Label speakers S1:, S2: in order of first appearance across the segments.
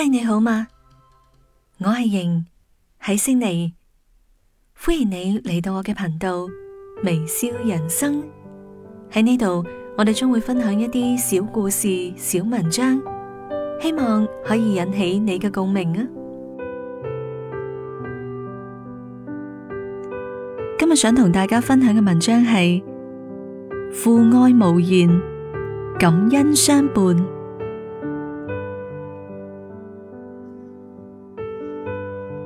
S1: 嗨，你好嘛？我係瑩，喺悉尼，歡迎你嚟到我嘅頻道微笑人生。喺呢度，我哋將會分享一啲小故事、小文章，希望可以引起你嘅共鳴啊！今日想同大家分享嘅文章係父愛無言，感恩相伴。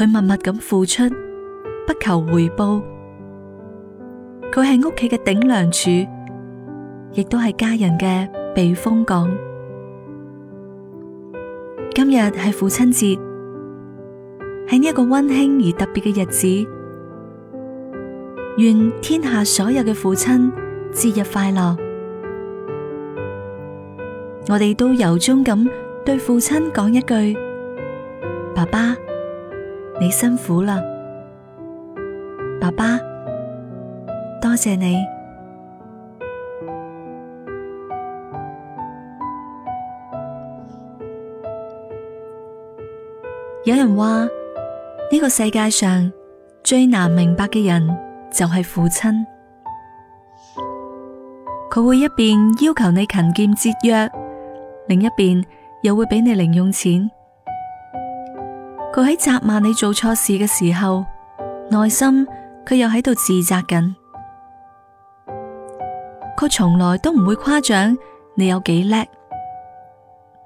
S1: 佢默默咁付出，不求回報。佢係屋企嘅頂梁柱，亦都係家人嘅避風港。今日係父親節，喺呢一個溫馨而特別嘅日子，願天下所有嘅父親節日快樂。我哋都由衷咁對父親講一句：爸爸。你辛苦啦，爸爸，多謝你。有人話，呢個世界上最難明白嘅人就係父親，佢會一邊要求你勤儉節約，另一邊又會畀你零用錢。佢喺責罵你做錯事嘅時候，內心佢又喺度自責緊。佢從來都唔會誇獎你有幾叻，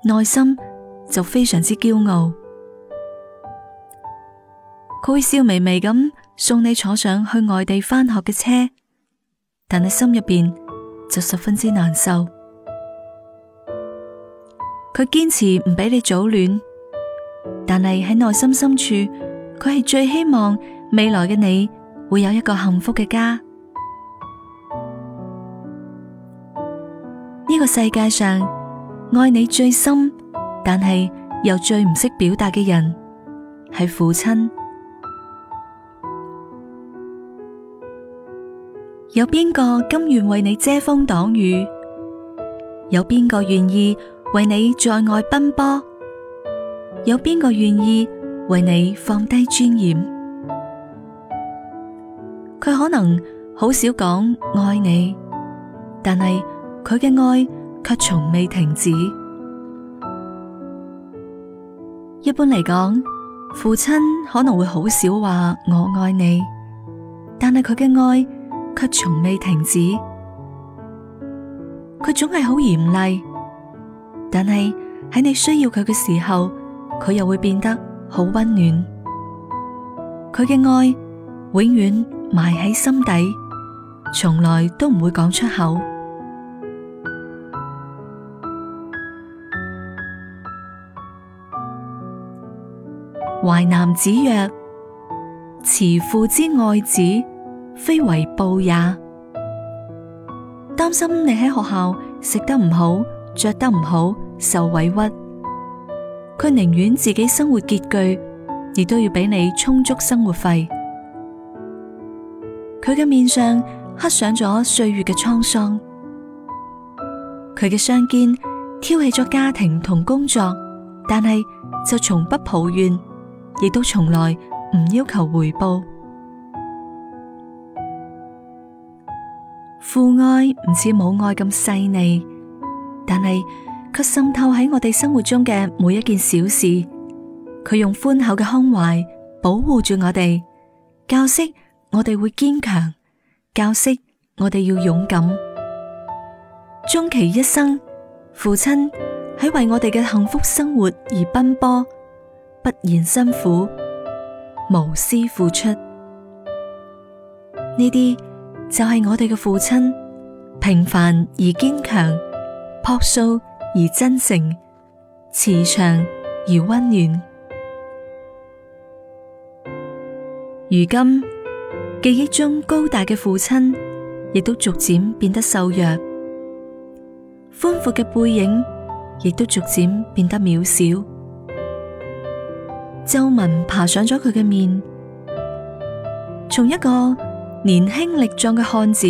S1: 內心就非常之驕傲。佢會笑微微咁送你坐上去外地返學嘅車，但係心入邊就十分之難受。佢堅持唔俾你早戀。但係喺內心深處，佢係最希望未來嘅你會有一個幸福嘅家。呢個世界上愛你最深，但係又最唔識表達嘅人，係父親。有邊個甘願為你遮風擋雨？有邊個願意為你在外奔波？有邊個願意為你放低尊嚴？佢可能好少講愛你,但係佢嘅愛卻從未停止。一般嚟講，父親可能會好少話我愛你，但係佢嘅愛卻從未停止。佢總係好嚴厲，但係喺你需要佢嘅時候，佢又會變得好溫暖，佢嘅愛永遠埋喺心底，從來都唔會講出口。淮南子曰：慈父之愛子，非為報也。擔心你喺學校食得唔好、着得唔好、受委屈。佢寧願自己生活拮據，亦都要俾你充足生活費。佢嘅面上刻上咗歲月嘅滄桑，佢嘅雙肩挑起咗家庭同工作，但係就從不抱怨，亦都從來唔要求回報。父愛唔似母愛咁細膩，但係，卻滲透喺我哋生活中嘅每一件小事，佢用寬厚嘅胸懷保護住我哋，教識我哋會堅強，教識我哋要勇敢。終其一生，父親喺為我哋嘅幸福生活而奔波，不言辛苦，無私付出。呢啲就係我哋嘅父親，平凡而堅強，樸素。而真誠、慈祥而溫暖。如今，記憶中高大嘅父親，亦都逐漸變得瘦弱，寬闊嘅背影亦都逐漸變得渺小，皺紋爬上咗佢嘅面，從一個年輕力壯嘅漢子，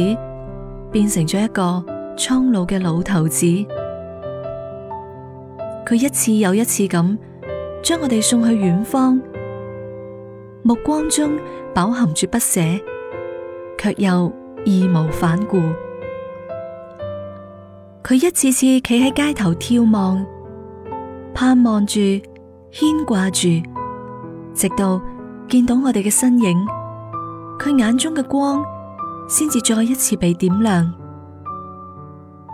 S1: 變成咗一個蒼老嘅老頭子。佢一次又一次咁將我哋送去遠方，目光中飽含住不捨，卻又義無反顧。佢一次次企喺街頭眺望，盼望住、牽掛住，直到見到我哋嘅身影，佢眼中嘅光先至再一次被點亮。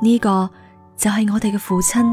S1: 呢、這個就係我哋嘅父親。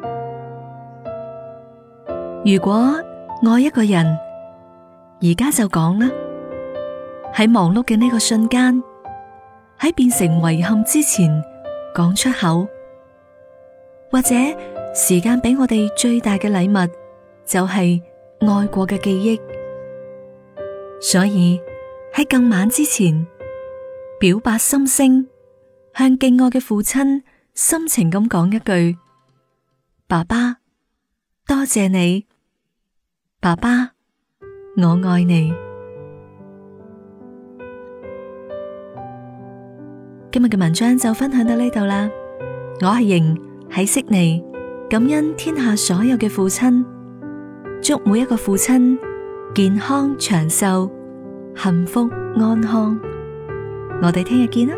S1: 如果愛一個人，而家就講啦，喺忙碌嘅呢個瞬間，喺變成遺憾之前講出口，或者時間俾我哋最大嘅禮物，就係愛過嘅記憶。所以喺更晚之前，表白心聲，向敬愛嘅父親深情咁講一句：爸爸，多謝你。爸爸，我愛你。今日嘅文章就分享到呢度啦。我係瑩，喺悉尼，感恩天下所有嘅父親，祝每一個父親健康長壽、幸福安康。我哋聽日見啦。